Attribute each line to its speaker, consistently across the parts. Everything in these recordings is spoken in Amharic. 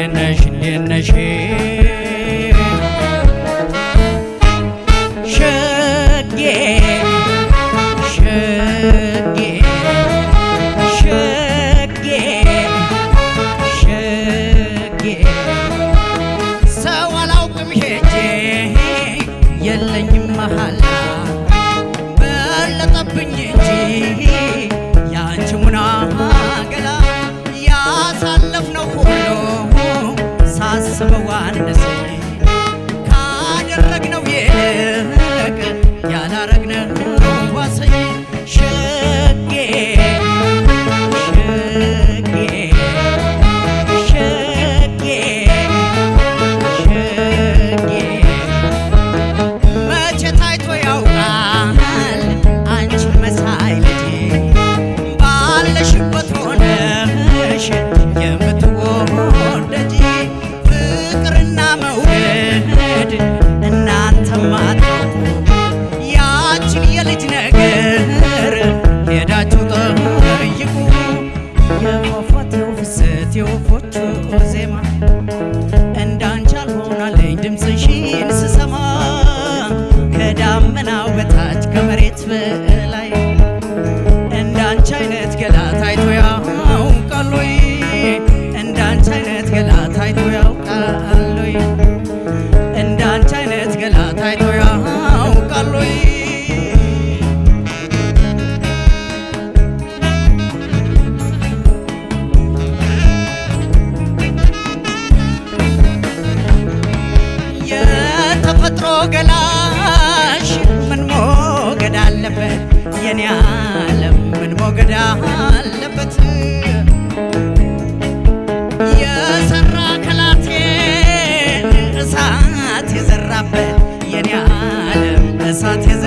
Speaker 1: እንዴት ነሽ ሸጌ ሸጌ ሸጌ ሸጌ ሰው አላውቅም ሄጄ የለኝም መሀላ በለጠብኝ ያስበዋነሰ ካደረግነው የለቀ ያላረግነው ዋሰኝ José ገላሽ ምን ሞገድ አለበት የኔ ዓለም ምን ሞገድ አለበት የሰራ ከላቴን እሳት የዘራበት የኔ ዓለም እሳት የዘ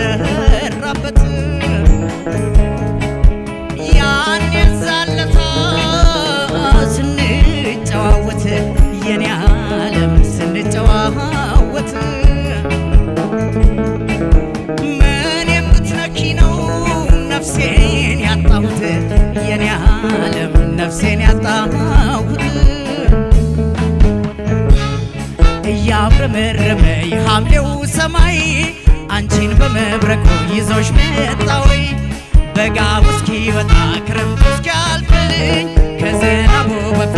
Speaker 1: ነፍሴን ያጣሁት የኔ ዓለም ነፍሴን ያጣሁት እያምረመረመኝ ሐምሌው ሰማይ አንቺን በመብረቁ ይዞሽ መጣወይ በጋ እስኪወጣ ክረምቱ እስኪያልፍልኝ ከዝናቡ